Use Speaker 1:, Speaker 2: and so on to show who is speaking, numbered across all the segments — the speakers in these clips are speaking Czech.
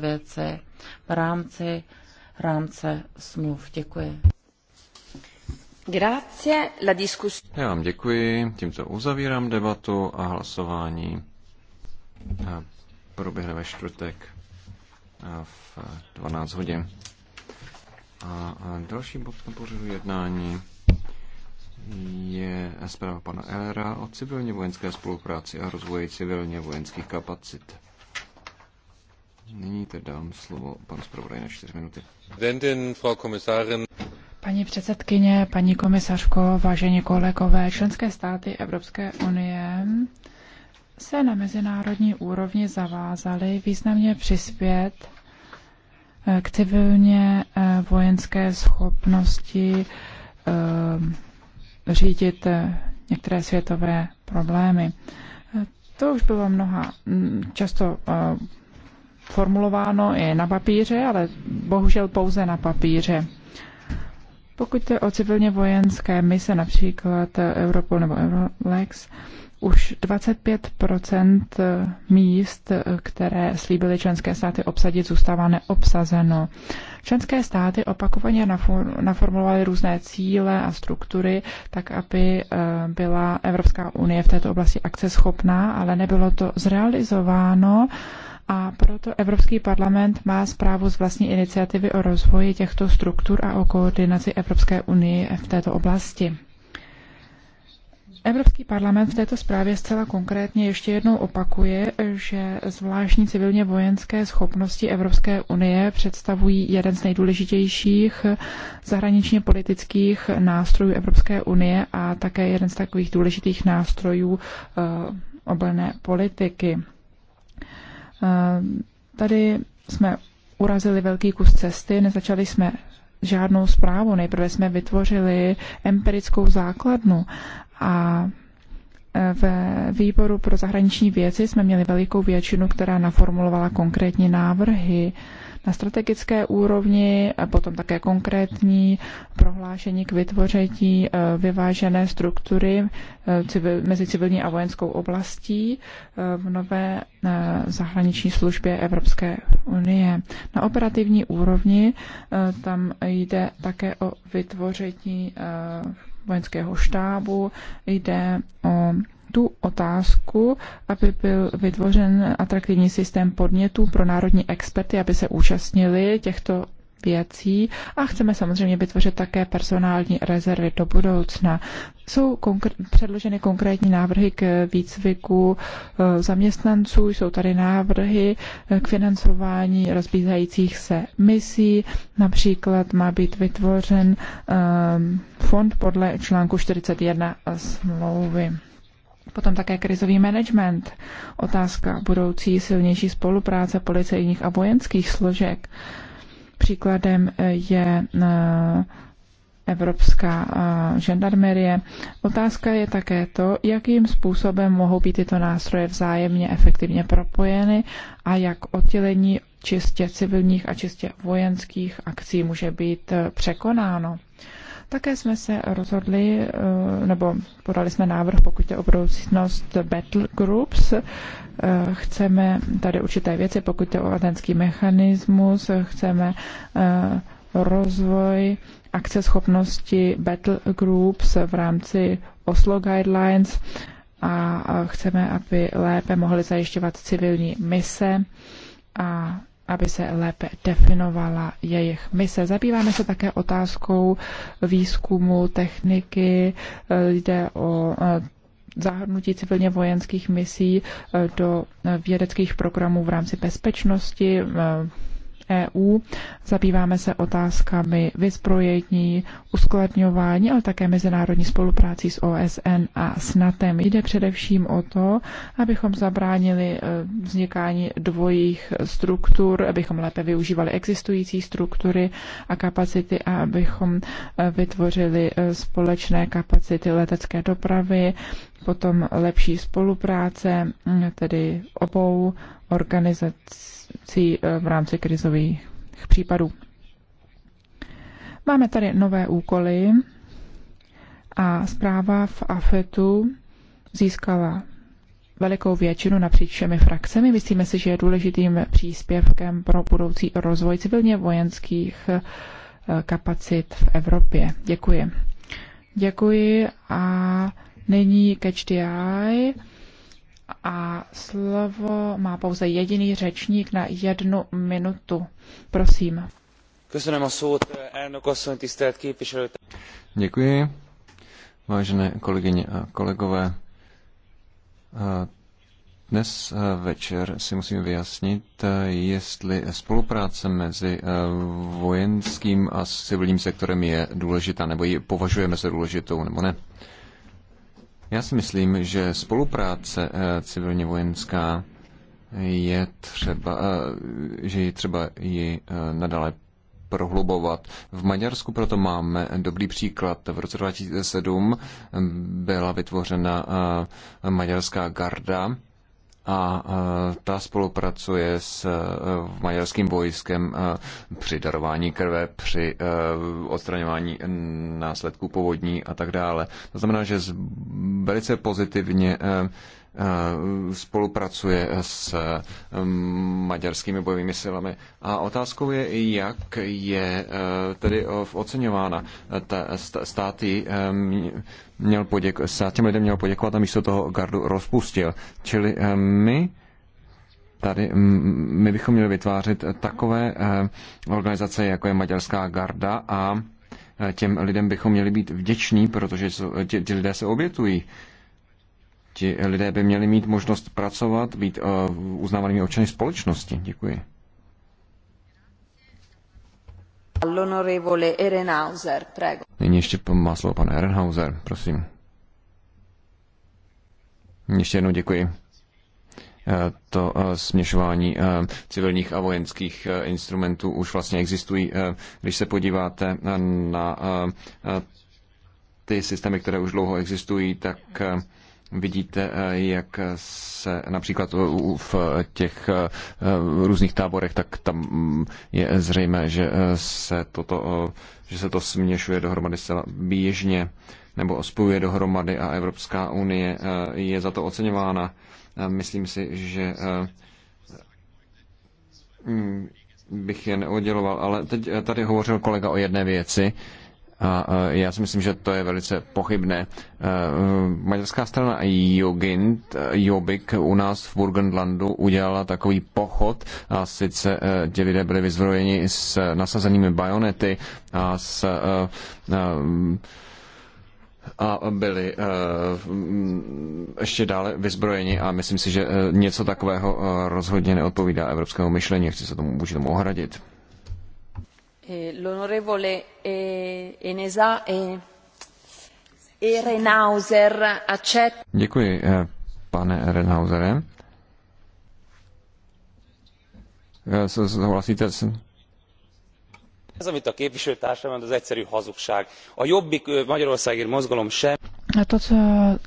Speaker 1: věci v rámci rámce smluv. Děkuji. Grazie, la
Speaker 2: Já vám děkuji, tímto uzavírám debatu a hlasování a eh, proběhne ve čtvrtek eh, v 12 hodin. A, a další bod na pořadu jednání je zpráva pana Elera o civilně vojenské spolupráci a rozvoji civilně vojenských kapacit. Nyní tedy dám slovo panu zpravodaji na čtyři minuty.
Speaker 3: Paní předsedkyně, paní komisařko, vážení kolegové, členské státy Evropské unie se na mezinárodní úrovni zavázaly významně přispět eh, k civilně eh, vojenské schopnosti eh, řídit některé světové problémy. To už bylo mnoha mm, často formulováno i na papíře, ale bohužel pouze na papíře. Pokud jde o civilně vojenské mise, například Europol nebo Eurolex, už 25 míst, které slíbily členské státy obsadit, zůstává neobsazeno. Členské státy opakovaně naformulovaly různé cíle a struktury, tak aby eh, byla Evropská unie v této oblasti akceschopná, ale nebylo to zrealizováno a proto Evropský parlament má zprávu z vlastní iniciativy o rozvoji těchto struktur a o koordinaci Evropské unie v této oblasti. Evropský parlament v této zprávě zcela konkrétně ještě jednou opakuje, že zvláštní civilně vojenské schopnosti Evropské unie představují jeden z nejdůležitějších zahraničně politických nástrojů Evropské unie a také jeden z takových důležitých nástrojů uh, eh, obrné politiky. Tady jsme urazili velký kus cesty, nezačali jsme žádnou zprávu. Nejprve jsme vytvořili empirickou základnu a ve výboru pro zahraniční věci jsme měli velikou většinu, která naformulovala konkrétní návrhy na strategické úrovni, a potom také konkrétní prohlášení k vytvoření eh, vyvážené struktury eh, mezi civilní a vojenskou oblastí eh, v nové zahraniční službě Evropské unie. Na operativní úrovni tam jde také o vytvoření vojenského štábu, jde o tu otázku, aby byl vytvořen atraktivní systém podnětů pro národní experty, aby se účastnili těchto věcí a chceme samozřejmě vytvořit také personální rezervy do budoucna. Jsou konkr- předloženy konkrétní návrhy k výcviku e, zaměstnanců, jsou tady návrhy k financování rozbízajících se misí, například má být vytvořen e, fond podle článku 41 smlouvy. Potom také krizový management, otázka budoucí silnější spolupráce policejních a vojenských složek. Příkladem eh, je eh, evropská eh, žandarmerie. Otázka je také to, jakým způsobem mohou být tyto nástroje vzájemně efektivně propojeny a jak oddělení čistě civilních a čistě vojenských akcí může být překonáno. Také jsme se rozhodli, nebo podali jsme návrh, pokud určitě o budoucnost battle groups. Eh, chceme tady určité věci, pokud jde o atenský mechanismus, chceme eh, rozvoj akceschopnosti battle groups v rámci Oslo Guidelines a chceme, aby lépe mohly zajišťovat civilní mise a aby se lépe definovala jejich mise. Zabýváme se také otázkou výzkumu, techniky, eh, jde o zahrnutí civilně vojenských misí eh, do eh, vědeckých programů v rámci bezpečnosti, eh, EU. Zabýváme se otázkami vyzbrojení, uskladňování, ale také mezinárodní spolupráci s OSN a s NATO. Jde především o to, abychom zabránili eh, vznikání dvojích struktur, abychom lépe využívali existující struktury a kapacity a abychom eh, vytvořili eh, společné kapacity letecké dopravy, potom lepší spolupráce, mm, tedy obou organizací pomocí eh, v rámci krizových případů. Máme tady nové úkoly a zpráva v AFETu získala velikou většinu napříč všemi frakcemi. Myslíme si, že je důležitým příspěvkem pro budoucí rozvoj civilně vojenských eh, kapacit v Evropě. Děkuji. Děkuji a nyní catch the eye a slovo má pouze jediný řečník na jednu minutu. Prosím.
Speaker 2: Děkuji. Vážené kolegyně a kolegové, dnes e, večer si musíme vyjasnit, e, jestli spolupráce mezi e, vojenským a civilním sektorem je důležitá, nebo ji považujeme za důležitou, nebo ne. Já si myslím, že spolupráce eh, civilně vojenská je třeba, eh, že je třeba ji eh, nadále prohlubovat. V Maďarsku proto máme dobrý příklad. V roce 2007 byla vytvořena maďarská garda, a ta spolupracuje s e, maďarským vojskem e, při darování krve, při e, odstraňování následků povodní a tak dále. To znamená, že velice pozitivně Eh, spolupracuje s eh, maďarskými bojovými silami. A otázkou je, jak je eh, tedy oceňována. Ta státy měl poděkovat, stát těm lidem měl poděkovat a místo toho gardu rozpustil. Čili my tady my bychom měli vytvářet takové organizace, jako je Maďarská garda a těm lidem bychom měli být vděční, protože ti lidé se obětují ti lidé by měli mít možnost pracovat, být uh, uznávanými občany společnosti. Děkuji. Nyní ještě má slovo pan Ehrenhauser, prosím. Ještě jednou děkuji eh, to eh, směšování civilních a vojenských instrumentů už vlastně existují. Když se podíváte na ty systémy, které už dlouho existují, tak Vidíte, eh, jak se například v těch eh, různých táborech, tak tam mm, je zřejmé, že eh, se, toto, že se to směšuje dohromady zcela běžně nebo spojuje dohromady a Evropská unie je za to oceňována. Myslím si, že mm, bych je neodděloval, ale teď tady hovořil kolega o jedné věci a já si myslím, že to je velice pochybné. Maďarská strana Jogind, Jobik u nás v Burgenlandu udělala takový pochod a sice e, ti lidé byli vyzbrojeni s nasazenými bajonety a s e, e, a byli ještě dále vyzbrojeni a myslím si, že něco takového rozhodně neodpovídá evropskému myšlení. Chci se tomu, tomu ohradit.
Speaker 1: Eh, l'onorevole eh, Enesa eh, accetta.
Speaker 2: Děkuji, pane Renausere. Souhlasíte s ez amit a képviselőtársam mond az egyszerű hazugság. a jobbik magyarországért mozgalom sem.
Speaker 3: To, co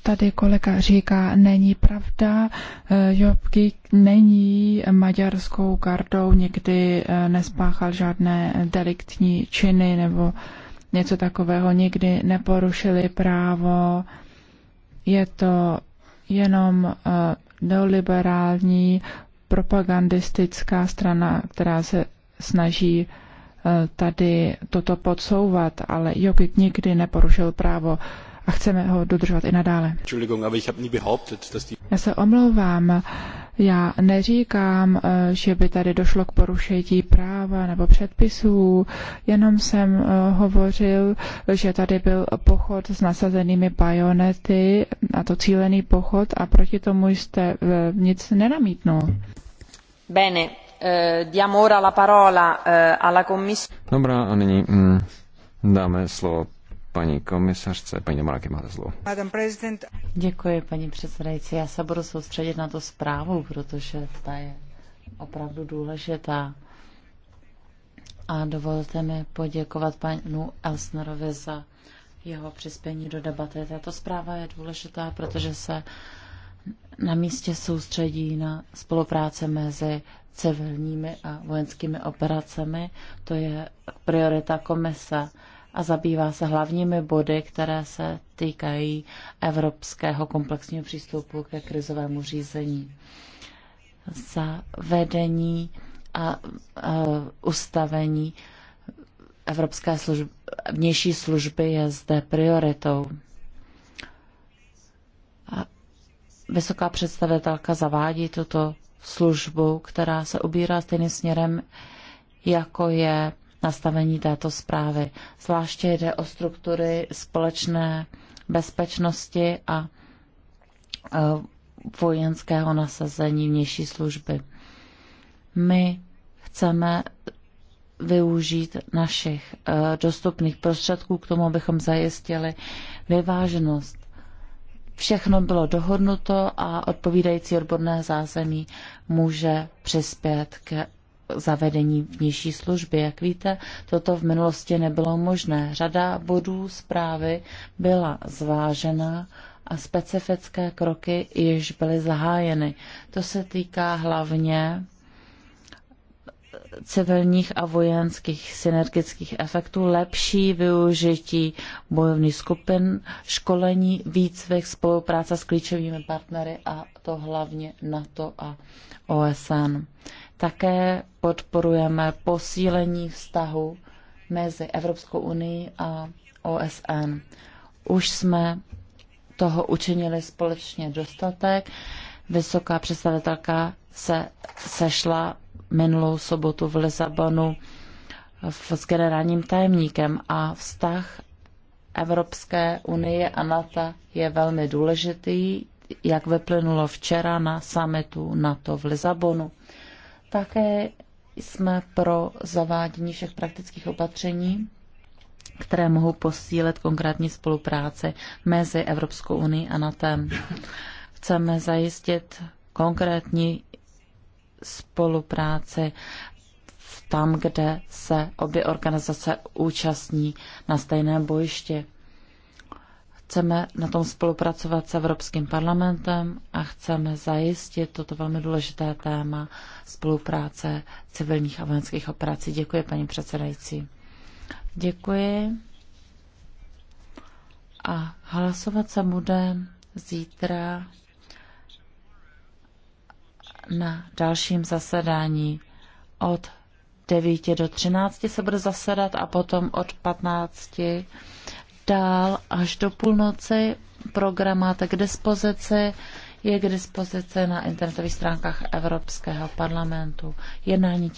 Speaker 3: tady kolega říká, není pravda. Eh, Jobky není maďarskou gardou nikdy eh, nespáchal žádné deliktní činy nebo něco takového, nikdy neporušili právo. Je to jenom eh, neoliberální propagandistická strana, která se snaží tady toto podsouvat, ale Jokik nikdy neporušil právo a chceme ho dodržovat i nadále. Já se omlouvám, já neříkám, eh, že by tady došlo k porušení práva nebo předpisů, jenom jsem eh, hovořil, že tady byl pochod s nasazenými bajonety a to cílený pochod a proti tomu jste eh, nic nenamítnul.
Speaker 1: Bene, diamo ora la parola alla commissione.
Speaker 2: Dobrá, a nyní mm, dáme slovo paní komisařce. Paní Domaráky, máte slovo.
Speaker 1: Děkuji, paní předsedající. Já se budu soustředit na to zprávu, protože ta je opravdu důležitá. A dovolte mi poděkovat panu Elsnerovi za jeho přispění do debaty. Tato zpráva je důležitá, protože se na místě soustředí na spolupráce mezi civilními a vojenskými operacemi. To je priorita komise a zabývá se hlavními body, které se týkají evropského komplexního přístupu ke krizovému řízení. Za vedení a, a ustavení Evropské služby, vnější služby je zde prioritou. A vysoká představitelka zavádí tuto službu, která se ubírá stejným směrem, jako je nastavení této zprávy. Zvláště jde o struktury společné bezpečnosti a e, vojenského nasazení vnější služby. My chceme využít našich e, dostupných prostředků k tomu, abychom zajistili vyváženost. Všechno bylo dohodnuto a odpovídající odborné zázemí může přispět k zavedení vnější služby. Jak víte, toto v minulosti nebylo možné. Řada bodů zprávy byla zvážena a specifické kroky již byly zahájeny. To se týká hlavně civilních a vojenských synergických efektů, lepší využití bojovných skupin, školení, výcvik, spolupráce s klíčovými partnery a to hlavně NATO a OSN. Také podporujeme posílení vztahu mezi Evropskou unii a OSN. Už jsme toho učinili společně dostatek. Vysoká představitelka se sešla minulou sobotu v Lisabonu s generálním tajemníkem a vztah Evropské unie a NATO je velmi důležitý, jak vyplynulo včera na samitu NATO v Lisabonu. Také jsme pro zavádění všech praktických opatření, které mohou posílit konkrétní spolupráci mezi Evropskou unii a NATO. Chceme zajistit konkrétní spolupráci tam, kde se obě organizace účastní na stejné bojišti. Chceme na tom spolupracovat s Evropským parlamentem a chceme zajistit toto velmi důležité téma spolupráce civilních a vojenských operací. Děkuji, paní předsedající. Děkuji. A hlasovat se bude zítra na dalším zasedání od 9 do 13 se bude zasedat a potom od 15 dál až do půlnoci. Program máte k dispozici, je k dispozici na internetových stránkách Evropského parlamentu. Jednání tím